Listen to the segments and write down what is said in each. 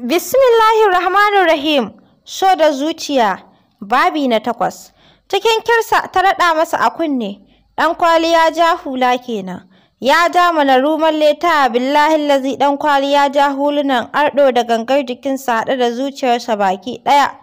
Bismillahirrahmanirrahim. So da zuciya. Babi na takwas. Cikin kirsa ta raɗa masa a kunne. Ɗan kwaliya ya ja hula kenan. Ya ja mana ruman leta billahi lazi ɗan kwali ya ja hulunan arɗo da gangar jikinsa haɗe da zuciyarsa baki ɗaya.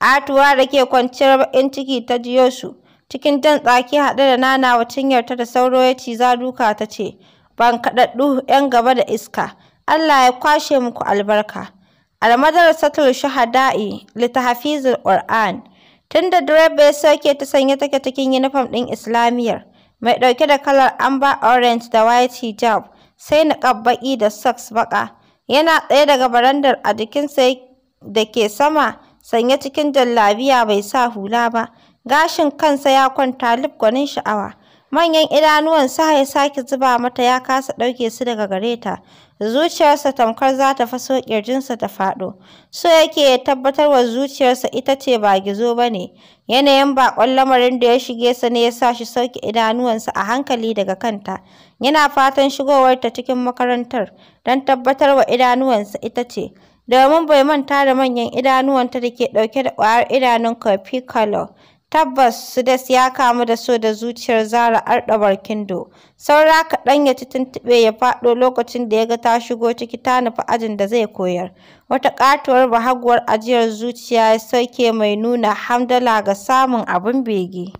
Atuwa da ke kwanciyar baƙin ciki ta jiyo su. Cikin jan tsaki haɗe da nana nanawa cinyarta da sauro ya ciza duka ta ce, ban kaɗaɗɗu ‘yan gaba da iska, Allah ya kwashe muku albarka. almadarasatul shuhada'i litahfizul qur'an tunda direba ya sauke ta sanye take cikin yunifom ɗin islamiyar mai ɗauke da kalar amber orange da white hijab sai na baƙi da socks baƙa yana tsaye daga barandar a jikinsa da ke sama sanye cikin jallabiya bai sa hula ba gashin kansa ya kwanta lif gwanin sha'awa manyan idanuwan sa ya sake zuba mata ya kasa ɗauke su daga gare ta zuciyarsa tamkar za ta faso ƙirjinsa ta faɗo so yake ya tabbatar wa zuciyarsa ita ce ba gizo ba ne yanayin baƙon lamarin da ya shige sa ne ya sa shi sauke idanuwansa a hankali daga kanta yana fatan shigowarta cikin makarantar don tabbatar wa idanuwansa ita ce domin bai manta da manyan idanuwanta da ke ɗauke da ƙwayar idanun kofi color Tabbas Sudes ya kamu da so da zuciyar Zara Arda Barkindo. Saura kaɗan ya ci tuntuɓe ya faɗo lokacin da ya ga ta shigo ciki ta nufi ajin da zai koyar. Wata ƙatuwar bahaguwar ajiyar zuciya ya sauke mai nuna hamdala ga samun abin bege.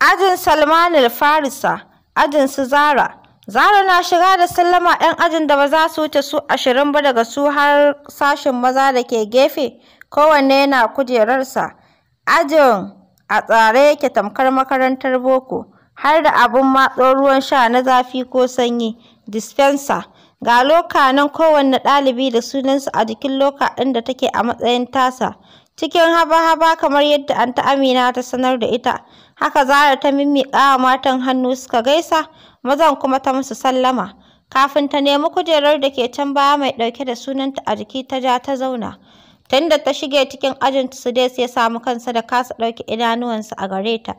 Ajin Salmanul Farisa, ajin su Zara. Zara na shiga da sallama ɗan ajin da ba za su wuce su ashirin ba daga su har sashen maza da ke gefe, kowanne yana kujerarsa. Ajin a tsare yake tamkar makarantar boko har da abun matso ruwan sha na zafi ko sanyi dispenser ga loka nan kowanne ɗalibi da sunansa a jikin loka ɗin da take a matsayin tasa cikin haba-haba kamar yadda anta amina ta sanar da ita haka zara ta mimmiƙa matan hannu suka gaisa mazan kuma ta musu sallama kafin ta nemi kujerar da ke can baya mai ɗauke da sunanta a jiki ta ja ta zauna Tun da ta shige cikin ajin Tudes ya samu kansa da kasa ɗauki idanuwansa a gare ta.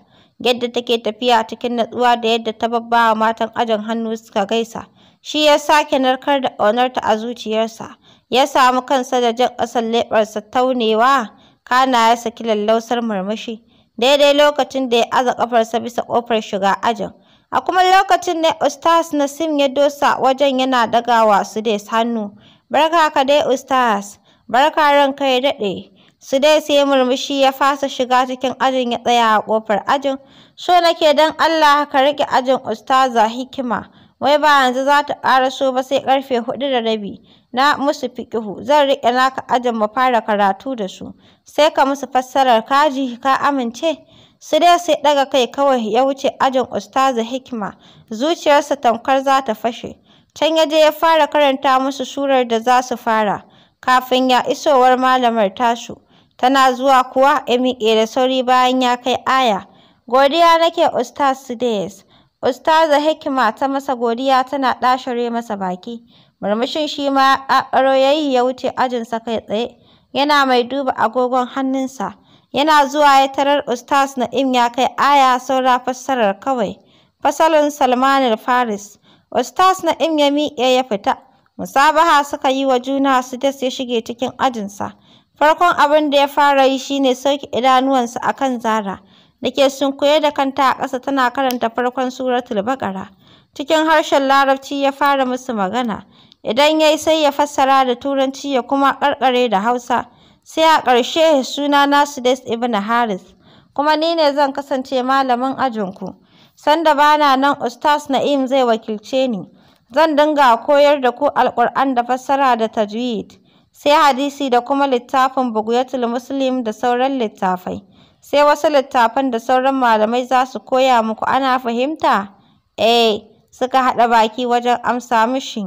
Yadda take tafiya cikin natsuwa da yadda ta babbawa matan ajin hannu suka gaisa. Shi ya sake narkar da ƙaunarta a zuciyarsa. Ya samu kansa da jan ƙasar leɓarsa taunewa. Kana ya saki lallausar murmushi. Daidai lokacin da ya aza ƙafarsa bisa ƙofar shiga ajin. A kuma lokacin da Ustaz Nasim ya dosa wajen yana ɗagawa Sudes hannu. Barka ka dai Ustaz. Barka ranka ya daɗe. Su dai sai murmushi ya fasa shiga cikin ajin ya tsaya a ƙofar ajin. So nake don Allah ka riƙe ajin Ustaza Hikima. Wai ba yanzu za ta ƙaraso ba sai ƙarfe hudu da rabi. Na musu fiƙihu. Zan riƙe naka ajin mu fara karatu da su. Sai ka musu fassarar kaji ka amince. Su dai sai ɗaga kai kawai ya wuce ajin Ustaza Hikima. Zuciyarsa tamkar za ta fashe. Can ya je ya fara karanta musu surar da za su fara. kafin ya isowar malamar tasu. Tana zuwa kuwa ya miƙe da sauri bayan ya kai aya. Godiya nake Ustaz Sidiyas. Ustaza Hikima ta masa godiya tana ɗashare masa baki. Murmushin shi ma ƙaƙaro ya yi ya wuce ajinsa kai tsaye. Yana mai duba agogon hannunsa. Yana zuwa ya tarar Ustaz Na'im ya kai aya saura fassarar kawai. Fasalin salmanin Faris. Ustaz Na'im ya miƙe ya fita. Musabaha suka yi wa juna Sudes ya shige cikin ajinsa. Farkon abin da ya fara yi shine sauke idanuwansa akan Zara da ke sunkuye da kanta a ƙasa tana karanta farkon suratul Baqara. Cikin harshen Larabci ya fara musu magana. Idan ya yi sai ya fassara da Turanci ya kuma ƙarƙare da Hausa. Sai a ƙarshe suna na Sudes ibn Haris. Kuma ni ne zan kasance malamin ajinku. Sanda bana nan Ustaz Na'im zai wakilce ni. Zan dinga koyar da ku Alƙur'an da fassara da tajwid, sai hadisi da kuma littafin Bughyatul Muslim da sauran littafai. Sai wasu littafan da sauran malamai za su koya muku, ana fahimta? Eh, suka haɗa baki wajen amsa mishi.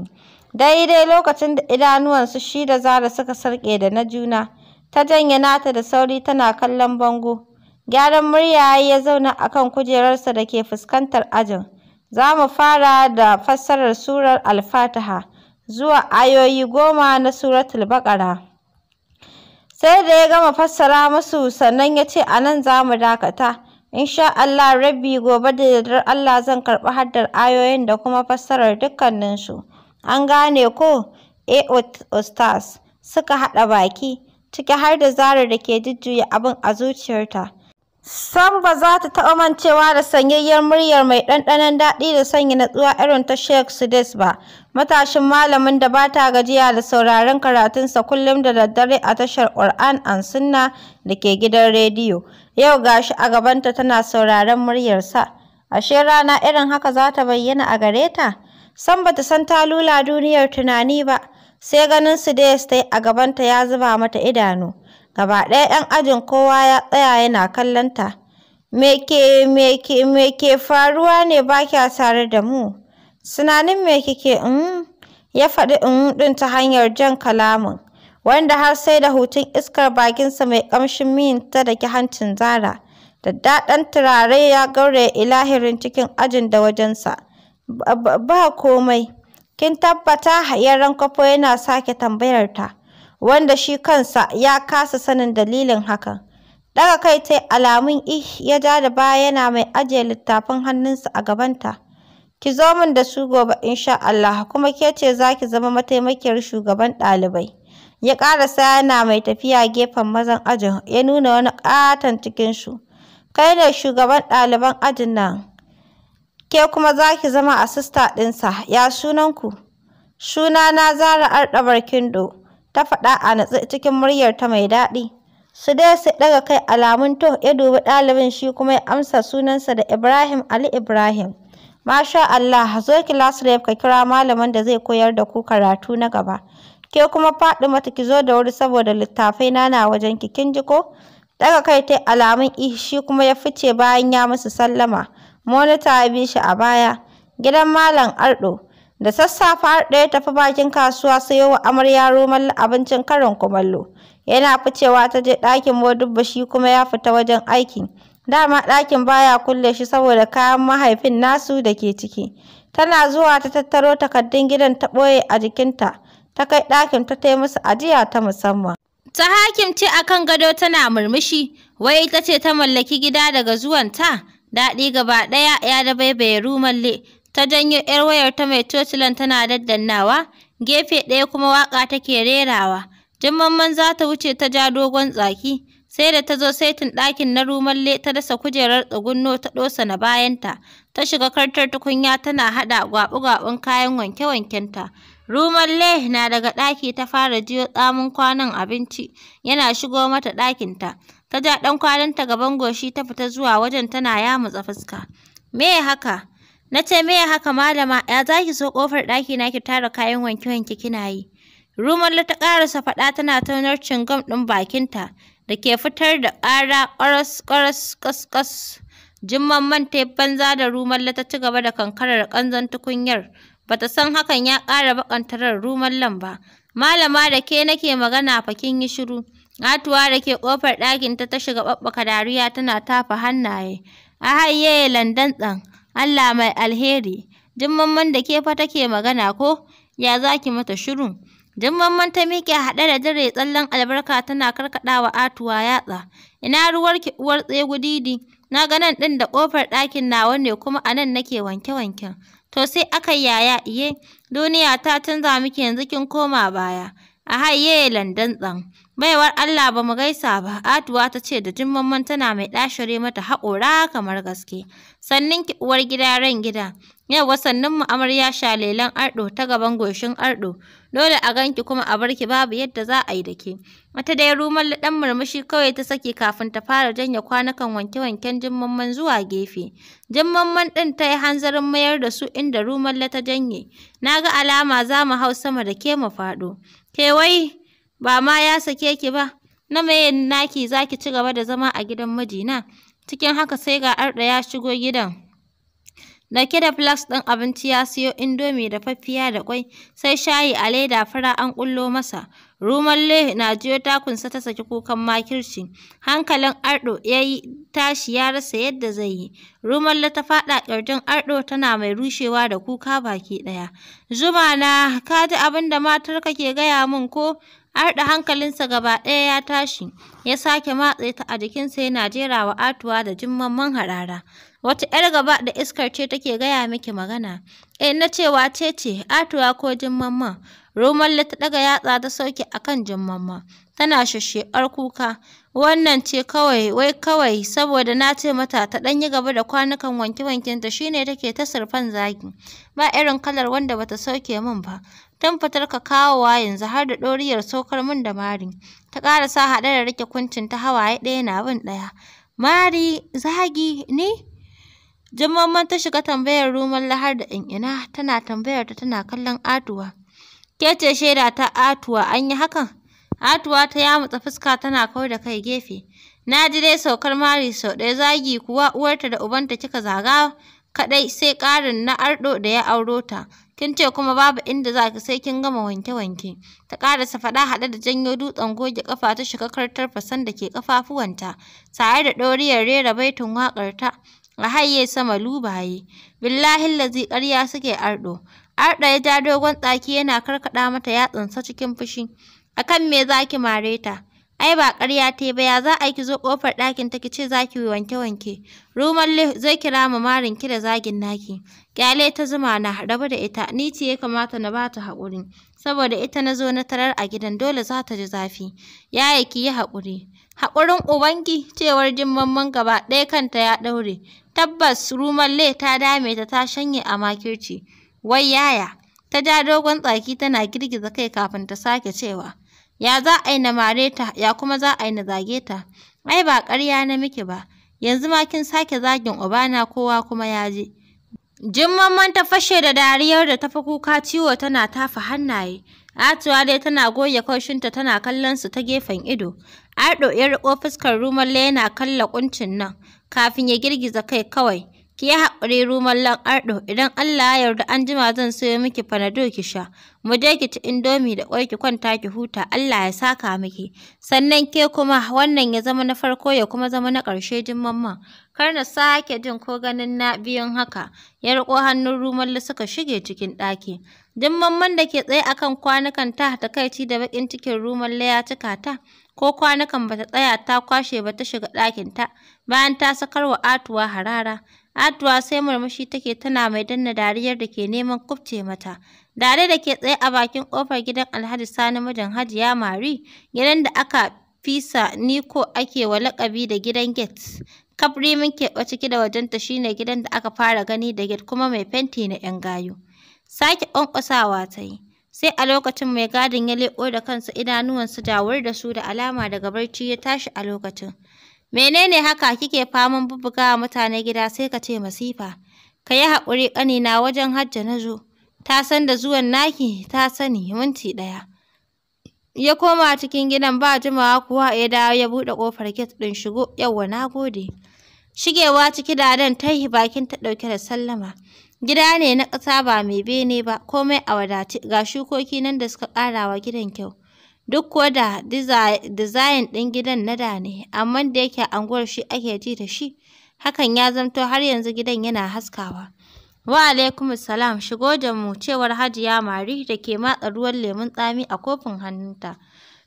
Daidai lokacin da idanuwansu shi da Zara suka sarƙe da na juna, ta janye nata da sauri tana kallon bango. Gyaran murya ya ya zauna a kan kujerarsa da ke fuskantar ajin. Za mu fara da fassarar surar al zuwa ayoyi goma na suratul Baƙara. Sai da ya gama fassara musu sannan ya ce a nan za mu dakata. Insha Allah Rabbi gobe da yardar Allah zan karɓi haddar ayoyin da kuma fassarar dukkaninsu. An gane ko? E Ustaz suka haɗa baki, ciki har da zarar da ke jujjuya abin a zuciyarta. Sam ba za ta taɓa mancewa da sanyayyar muryar mai ɗanɗanon daɗi da sanya natsuwa irin ta Sheikh Sudais ba, matashin malamin da ba ta gajiya da sauraron karatunsa kullum da daddare a tashar Qur'an an Sunna da ke gidan rediyo. Yau gashi a gabanta tana sauraron muryarsa. Ashe rana irin haka za ta bayyana a gare ta? Sam ba ta san ta lula duniyar tunani ba, sai ganin Sudais ta yi a gabanta ya zuba mata idanu. Gaba ɗaya 'yan ajin kowa ya tsaya yana kallon ta. Me ke me faruwa ne ba kya tare da mu? Sinanin me kike in mm, Ya faɗi in mm ɗin ta hanyar jan kalamin. Wanda har sai da hutun iskar bakinsa mai ƙamshin miyin ta ki hancin Zara. Da daɗan turare ya gauraya ilahirin cikin ajin da wajensa. Ba komai. Kin tabbata? yaren kwafo yana sake tambayar ta. wanda shi kansa ya kasa sanin dalilin hakan. Daga kai ta alamun ih ya ja da baya yana mai ajiye littafin hannunsa a gabanta. Ki zo min da su gobe insha Allah kuma ke ce za ki zama mataimakiyar shugaban ɗalibai. Ya ƙarasa yana mai tafiya gefen mazan ajin ya nuna wani ƙaton cikinsu. Kai ne shugaban ɗaliban ajin nan. Ke kuma za ki zama asista ɗinsa. Ya sunanku? Sunana Zara Arɗabar Kindo. ta faɗa a natse cikin muryar ta mai daɗi. Su dai sai ɗaga kai alamun to ya dubi ɗalibin shi kuma ya amsa sunansa da Ibrahim Ali Ibrahim. Masha Allah, zo ki lasire ka kira malamin da zai koyar da ku karatu na gaba. Ke kuma faɗi mata ki zo da wuri saboda littafai na na wajen ki kin ji ko? ɗaga kai ta alamun ihi shi kuma ya fice bayan ya musu sallama. Monita ya bi shi a baya. Gidan Malam Ardo. da sassafe har ɗaya tafi bakin kasuwa sayo wa amarya roman abincin karin kumallo yana ficewa ta je ɗakin modubba kuma ya fita wajen aiki dama ɗakin baya kulle shi saboda kayan mahaifin nasu da ke ciki tana zuwa ta tattaro takardun gidan ta ɓoye a jikinta ta kai ɗakin ta tai musu ajiya ta musamman ta a kan gado tana murmushi wai ita ce ta mallaki gida daga zuwanta daɗi gaba ɗaya ya bai rumalle ta janyo 'yar wayar ta mai tocilan tana daddannawa gefe ɗaya kuma waƙa take rerawa jimamman za ta wuce ta ja dogon tsaki sai da ta zo saitin ɗakin na rumalle ta dasa kujerar tsugunno ta ɗosa na bayanta ta shiga kartar tukunya tana haɗa gwaɓu-gwaɓun kayan wanke-wankenta rumalle na daga ɗaki ta fara jiyo tsamin kwanon abinci yana shigo mata ɗakinta ta ja ɗan kwananta gaban goshi ta fita zuwa wajen tana yamutsa fuska me haka Na ce me haka malama ya za ki so ƙofar ɗaki na ki tara kayan wanke-wanke kina yi. Rumar ta ƙarasa faɗa tana taunar cingam ɗin bakinta da ke fitar da ƙara ƙwaras-ƙwaras ƙasƙas. Jimman man ta banza da rumar ta ci gaba da kankarar ƙanzon tukunyar. Bata san hakan ya ƙara rumar lan ba. Malama da ke nake magana fa kin yi shiru. Atuwa da ke ƙofar ɗakinta ta ta shiga ɓaɓɓaka dariya tana tafa hannaye. A hayye landan tsan. Allah mai alheri, mamman da ke fa take magana ko, ya za ki mata shiru. mamman ta miƙe haɗe da jire tsallon albarka tana karkaɗa wa atuwa yatsa. Ina ruwarki uwar tsegudidi, na ga nan ɗin da ƙofar ɗakin nawa ne kuma a nan nake wanke-wanken. To sai aka yaya iye, duniya ta canza miki yanzu kin koma baya. A haiye landan tsan. Baiwar Allah ba mu gaisa ba, Atuwa ta ce da jimman tana mai ɗashire mata haƙora kamar gaske. Sannin ki uwar gida ran gida, yau wasannin mu amarya shalelan arɗo ta gaban goshin arɗo, dole a ganki kuma a barki babu yadda za a yi da ke. Wata dai rumal ɗan murmushi kawai ta saki kafin ta fara janye kwanukan wanke-wanken jimman zuwa gefe. Jimman ɗin ta yi hanzarin mayar da su inda Rumalla ta janye. Na ga alama za mu hau sama da ke mu faɗo. Ke wai ba ma ya sake ki ba na mai naki za ki ci gaba da zama a gidan mijina cikin haka sai ga arda ya shigo gidan ke da flask ɗin abinci ya siyo indomi da faffiya da kwai sai shayi a leda fara an ƙullo masa ruman le na jiyo takunsa ta saki kukan makirci hankalin ardo ya yi tashi ya rasa yadda zai yi ruman le ta faɗa ƙirjin ardo tana mai rushewa da kuka baki ɗaya zuma na ka ji abin da matar ke gaya min ko Har hankalinsa gaba ɗaya ya tashi, ya sake matse ta a jikinsa yana jera wa atuwa da jimman harara. Wata ‘yar gaba da iskar ce take gaya miki magana. E na cewa ce ce, atuwa ko man, roman ta ɗaga yatsa ta sauke a kan jimmamman. Tana shashear kuka. Wannan ce kawai, wai kawai, saboda na ce mata ta ɗan yi gaba da kwanukan wanke wankinta shine take ta surfan zagi Ba irin kalar wanda bata sauke min ba. don fitar ka kawowa yanzu har da ɗoriyar saukar min da mari. Ta ƙara sa haɗe da rike kuncin ta hawaye ɗaya na bin ɗaya. Mari, zagi, ni? Jimamman ta shiga tambayar ruman lahar da ina tana tambayar ta tana kallon atuwa. Ke ce shaida ta atuwa an yi hakan? Atuwa ta yamutsa fuska tana kawar da kai gefe. Na ji dai saukar mari sau ɗaya zagi kuwa uwarta da ubanta kika zaga kaɗai sai ƙarin na arɗo da ya auro ta. kin ce kuma babu inda za ki sai kin gama wanke-wanke. Ta ƙarasa faɗa haɗe da janyo dutsen goge ƙafa ta shiga kartar fasan da ke ƙafafuwanta, tare da ɗoriyar rera baitin waƙarta a haye sama lubaye. Billahi lazi ƙarya suke arɗo. Arɗaya ya ja dogon tsaki yana karkaɗa mata yatsansa cikin fushi. Akan me za ki mare ta? ai ba ƙarya ta ba ya za a ki zo ƙofar ɗakin ta ki ce za ki wanke-wanke. Rumalle zai kira mu marin ki da zagin naki. Kyale ta zuma na rabu da ita, ni ce ya kamata na bata ta haƙuri. Saboda ita na zo na tarar a gidan dole za ta ji zafi. Yaya ki yi haƙuri. Haƙurin ubangi cewar mamman gaba ɗaya kanta ya ɗaure. Tabbas Rumalle ta dame ta ta shanye a makirci. Wai yaya. Ta ja dogon tsaki tana girgiza kai kafin ta sake cewa. Ya za a yi na mare ta, ya kuma za a yi na zage ta? Ai, ba karya na miki ba, yanzu ma kin sake zagin Obana kowa kuma ya ji. Jimman ta fashe da dariyar da ta fi kuka ciwo tana tafa hannaye. Atuwa dai tana goge kaushinta tana kallon su ta gefen ido. Ardo ya riƙo fuskar Rumalle yana kalla kuncin nan kafin ya girgiza kai kawai. Ki yi haƙuri ruman arɗo, idan Allah ya yarda an jima zan sayo miki fanado ki sha. Mu je ki ci indomi da ƙwai ki kwanta ki huta, Allah ya saka miki. Sannan ke kuma wannan ya zama na farko ya kuma zama na ƙarshe jin mamman. Kar na sake jin ko ganin na biyan haka. Ya riƙo hannun rumalli suka shige cikin ɗaki. Jin mamman da ke tsaye akan kwanukan ta ta takaici da baƙin cikin ruman ya cika ta. ko kwanukan ba ta tsaya ta kwashe ba ta shiga ɗakin ta bayan ta sakar wa Atuwa harara atuwa sai murmushi take tana mai danna dariyar da ke neman kubce mata. Dare da ke tsaye a bakin kofar gidan Alhaji Sani mijin Hajiya Mari, gidan da aka fisa Niko ake wa lakabi da gidan Gates. Kafri min keɓe ciki da wajenta shine gidan da aka fara gani da Gates kuma mai fenti na 'yan gayu. Sake ƙwanƙwasawa ta yi. Sai a lokacin mai gadin ya leƙo da kansa idanuwansa jawar da su da alama daga barci ya tashi a lokacin. menene haka kike faman bubbuga mutane gida sai ka ce masifa ka yi haƙuri ƙanina wajen hajja na zo ta san da zuwan naki ta sani minti ɗaya ya koma cikin gidan ba jimawa kuwa ya dawo ya buɗe ƙofar get ɗin shigo yawwa na gode shigewa ciki da dan ta yi bakin ta ɗauke da sallama gida ne na ƙasa ba mai bene ba komai a wadace ga shukoki nan da suka ƙara wa gidan kyau duk kuwa da dizayin ɗin gidan na da ne, amma da yake anguwar shi ake ji da shi, hakan ya zamto har yanzu gidan yana haskawa. Wa alaikum salam shigo da mu cewar Hajiya Mari da ke matsa ruwan lemun tsami a kofin hannunta.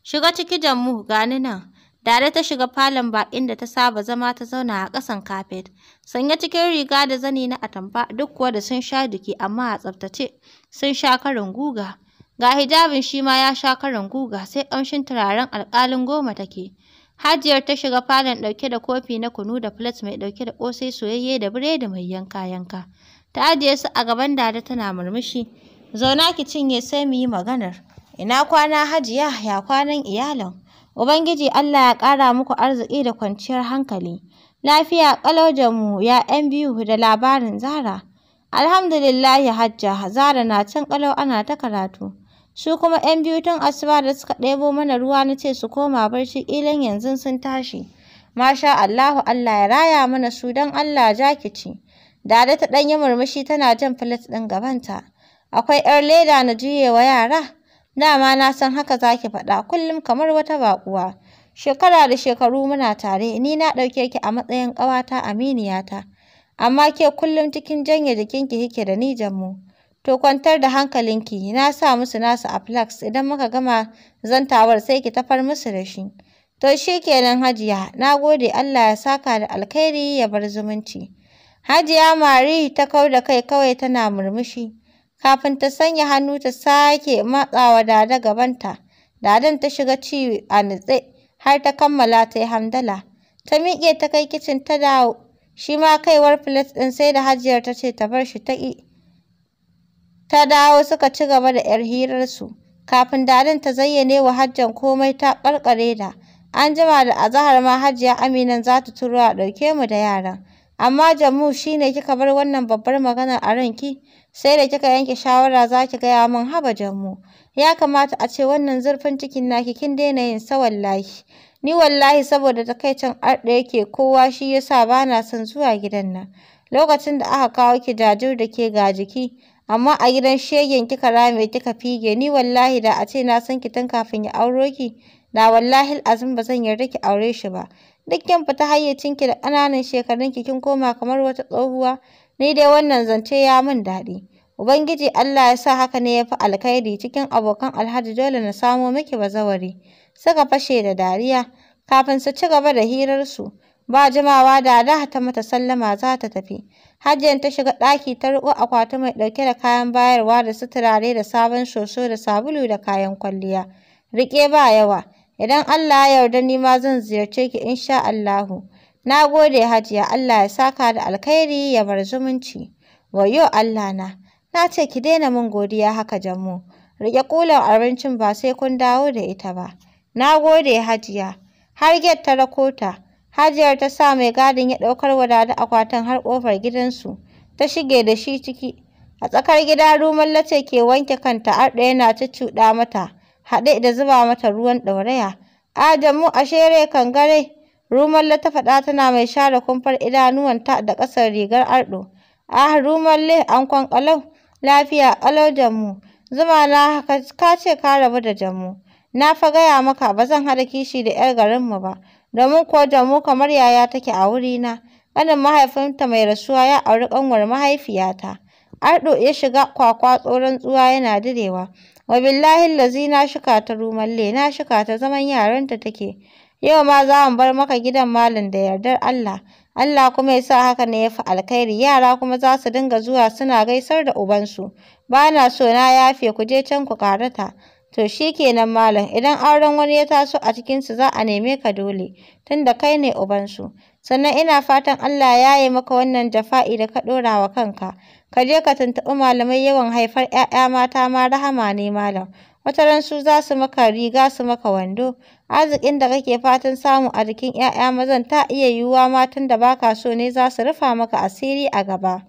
Shiga ciki da mu gani nan. Dare ta shiga falon baƙin da ta saba zama ta zauna a ƙasan kafet. Sanya cikin riga da zani na atamfa duk kuwa da sun sha duki amma a tsaftace sun sha karin guga. Ga hijabin shi ma ya sha karin guga sai ƙamshin turaren alƙalin goma take. Hajiyar ta shiga falon ɗauke da kofi na kunu da plate mai ɗauke da ƙosai soyayye da biredi mai yanka-yanka. Ta ajiye su a gaban dada tana murmushi. Zauna ki cinye sai mu yi maganar. Ina kwana Hajiya ya kwanan iyalan. Ubangiji Allah ya ƙara muku arziki da kwanciyar hankali. Lafiya ƙalau mu ya ‘yan biyu da labarin Zara. Alhamdulillahi Hajja, Zara na can ƙalau ana ta karatu. Su kuma 'yan biyu tun asuba da suka ɗebo mana ruwa na ce su koma barci ƙilan yanzu sun tashi. Masha Allahu Allah ya raya mana su don Allah jaki ci. Dada ta ɗan yi murmushi tana jan filet ɗin gabanta. Akwai 'yar leda na juye wa yara. Dama na san haka za ki faɗa kullum kamar wata baƙuwa. Shekara da shekaru muna tare, ni na ɗauke ki a matsayin ƙawata aminiyata. Amma ke kullum cikin janye jikinki hike da ni mu. To kwantar da hankalinki, na sa musu nasu a flax idan muka gama zantawar sai ki tafar musu da shi. To shi kenan Hajiya, na gode Allah ya saka da alkhairi ya bar zumunci. Hajiya Mari ta kau da kai kawai tana murmushi. Kafin ta sanya hannu ta sake matsawa dada gabanta, dadan ta shiga ci a nutse har ta kammala ta yi hamdala. Ta miƙe ta kai kicin ta da shi ma kaiwar filet ɗin sai da hajiyar ta ce ta bar shi ta ƙi. ta dawo suka ci gaba da 'yar hirarsu kafin dalin ta zayyane wa hajjan komai ta ƙarƙare da an jima da azahar ma hajiya aminan za ta turo a ɗauke mu da yaran amma jammu shine kika bar wannan babbar magana a ranki sai da kika yanke shawara za ki gaya min haba jammu ya kamata a ce wannan zurfin cikin naki kin daina yin sa wallahi ni wallahi saboda takaicin arɗa yake kowa shi yasa bana son zuwa gidan nan lokacin da aka kawo ki jajir da ke ga jiki amma a gidan shegen kika rame kika fige ni wallahi da a ce na san ki tun kafin ya auro ki da wallahi azum ba zan yarda ki aure shi ba duk kin fita hayyacin ki da ƙananan shekarun ki kin koma kamar wata tsohuwa ni dai wannan zance ya min daɗi ubangiji Allah ya sa haka ne ya fi alkhairi cikin abokan alhaji dole na samo miki bazawari Saka fashe da dariya kafin su ci gaba da hirarsu Ba jimawa da da ta mata sallama za ta tafi. Hajiyan ta shiga ɗaki ta riƙo akwati mai ɗauke da kayan bayarwa da suturare da sabon soso da sabulu da kayan kwalliya. Riƙe ba yawa. Idan Allah ya yarda ni ma zan ziyarce ki insha Allahu. Na gode Hajiya Allah ya saka da alkhairi ya bar zumunci. Wayo Allah na. Na ce ki daina min godiya haka Jammu. Riƙe ƙulan abincin ba sai kun dawo da ita ba. Na gode Hajiya. Har get ta rakota. Hajiyar ta sa mai gadin ya ɗaukar wadada akwatin har ƙofar gidansu, ta shige da shi ciki. A tsakar gida Rumalla ce ke wanke kanta Arda yana cuccuɗa mata, haɗe da zuba mata ruwan ɗauraya. Adamu a shere kangare, ruman ta faɗa tana mai share kumfar idanuwanta da ƙasar rigar arɗo. Ah an ankon ƙalau, lafiya ƙalau Jammu. Zuma na ka ce ka rabu da Jammu. Na fa gaya maka ba zan haɗa kishi da 'yar garinmu ba. domin da mu kamar yaya take a wurina. Ƙanin mahaifinta mai rasuwa ya auri ƙanwar mahaifiyata. Ardo ya shiga kwakwa tsoron tsuwa yana direwa. Wa billahi lazi na shika ta rumalle, na shika ta zaman yaranta take. Yau ma za mu bar maka gidan malam da yardar Allah. Allah kuma ya sa haka ne ya fi alkhairi, yara kuma za su dinga zuwa suna gaisar da ubansu. Ba na so na yafe ku je can ku karata. To shi kenan malam, idan auren wani ya taso a cikinsu za a neme ka dole, tunda kai ne ubansu. Sannan ina fatan Allah ya yi maka wannan jafa'i da ka ɗora wa kanka. Ka je ka tuntuɓi malamai yawan haifar ‘ya'ya mata ma rahama ne malam. Wata ran su za su maka riga su maka wando. Arzikin da kake fatan samu a jikin ‘ya'ya mazan ta iya yiwuwa matan da baka so ne za su rufa maka asiri a gaba.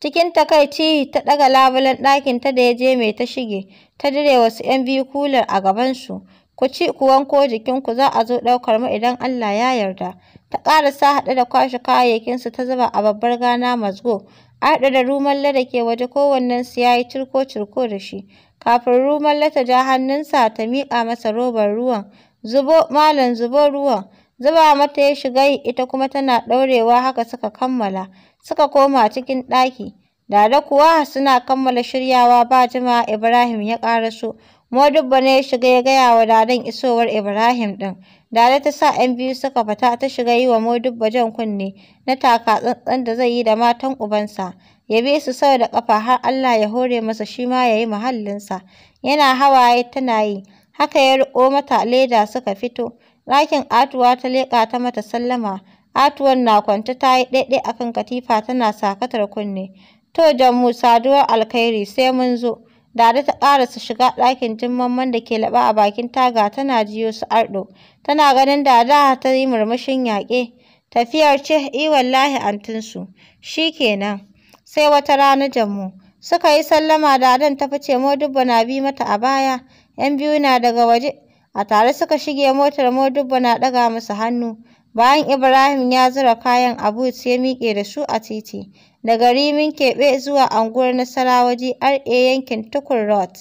Cikin takaici ta ɗaga labulen ɗakinta da ya je mai ta shige. ta dire wasu 'yan biyu kular a gabansu. Ku ci ku wanko jikinku za a zo ɗaukar mu idan Allah ya yarda. Ta ƙarasa haɗe da kwashe kayayyakinsu ta zuba a babbar gana mazgo. A haɗe da rumalla da ke waje kowannensu ya yi cirko-cirko da shi. Kafin rumalla ta ja hannunsa ta miƙa masa robar ruwan. Zubo, malam zubo ruwan. zuba mata ya shiga ita kuma tana ɗaurewa haka suka kammala suka koma cikin ɗaki Dada kuwa suna kammala shiryawa ba jima'a Ibrahim ya ƙara ƙaraso. Modubba ne ya shiga ya gaya wa Dadan isowar Ibrahim ɗin. Dada ta sa ‘yan biyu suka fita ta shiga yi wa Modubba jan kunne na taka tsantsan da zai yi da matan ubansa. Ya bi su sau da ƙafa har Allah ya hore masa shi ma ya yi muhallinsa. Yana hawaye tana yi. Haka ya riƙo mata leda suka fito. Ɗakin Atuwa ta leƙa ta mata sallama. Atuwan na kwance ta yi ɗaiɗai akan katifa tana sakatar kunne. To Jammu saduwar alkhairi sai mun zo. Dada ta ƙarasa shiga ɗakin mamman da ke laɓa a bakin taga tana jiyo su arɗo. Tana ganin Dada ta yi murmushin yaƙe. Tafiyar ce i wallahi antinsu. Shi kenan. Sai wata rana Jammu. Suka yi sallama Dadan ta fice Modubba na bi mata a baya. ‘Yan biyu na daga waje. A tare suka shige motar Modubba na ɗaga musu hannu. Bayan Ibrahim ya zura kayan abu but ya miƙe da su a titi. Daga Rimin Keɓe zuwa unguwar Nasarawa GRA yankin Tukur Road.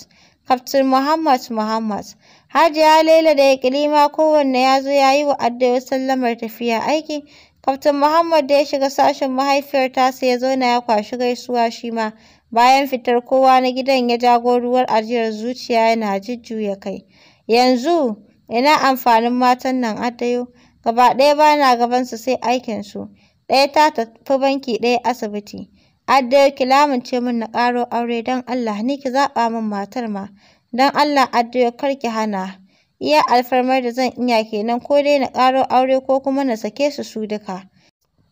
Kaftin Muhammad Muhammad. ya lela da Ikilima kowanne ya zo ya yi wa Addayo sallamar tafiya aiki. Kaftin Muhammad da ya shiga sashen mahaifiyar tasa ya zauna ya kwashi gaisuwa shi ma. Bayan fitar kowa na gidan ya jago ruwar ajiyar zuciya yana jujjuya kai. Yanzu ina amfanin matan nan Addayo? gaba ɗaya ba na gabansu sai aikin su. ɗaya ta tafi banki ɗaya asibiti addayo ki lamunce min na ƙaro aure don allah ni ki zaɓa min matar ma don allah addayo kar ki hana iya alfarmar da zan iya kenan ko dai na ƙaro aure ko kuma na sake su su duka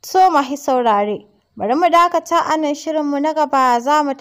so mahi saurare bari mu dakata a nan mu na gaba za mu